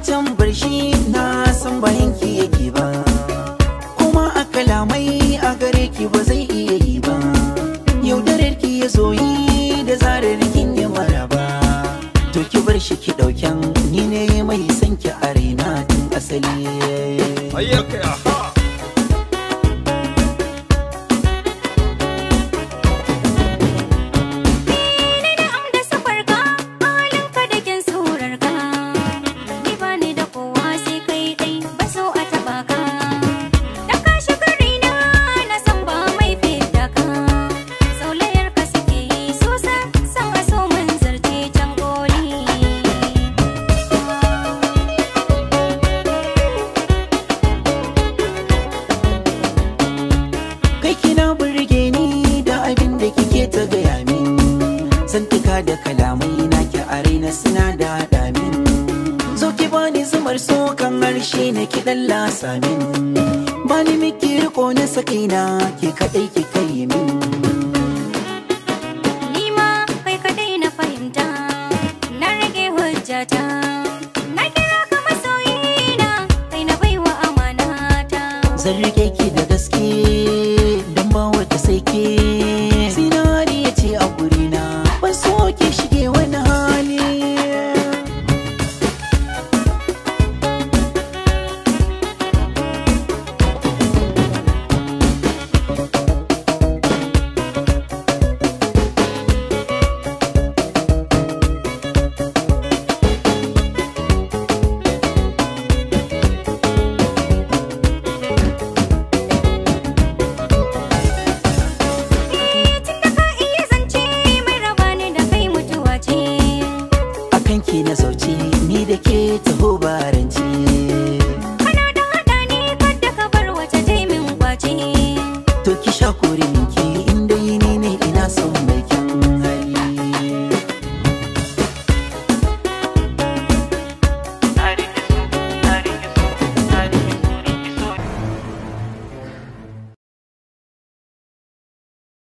wancan shi na san bayan ki yake ba kuma a kalamai a gare ki ba zai iya yi ba yaudarar ki ya zoyi da zarar kin yi mara ba to ki bar shi ki daukan ni ne mai san ki a asali tun asali ka da kalamai na ki a raina suna da haɗa min zo ki bani zumar so kan harshe na ki dan lasa min bani miki riko na Na ki kadai ki kai min zan rike ki da gaske sanki na sauci ni da ke taho baranci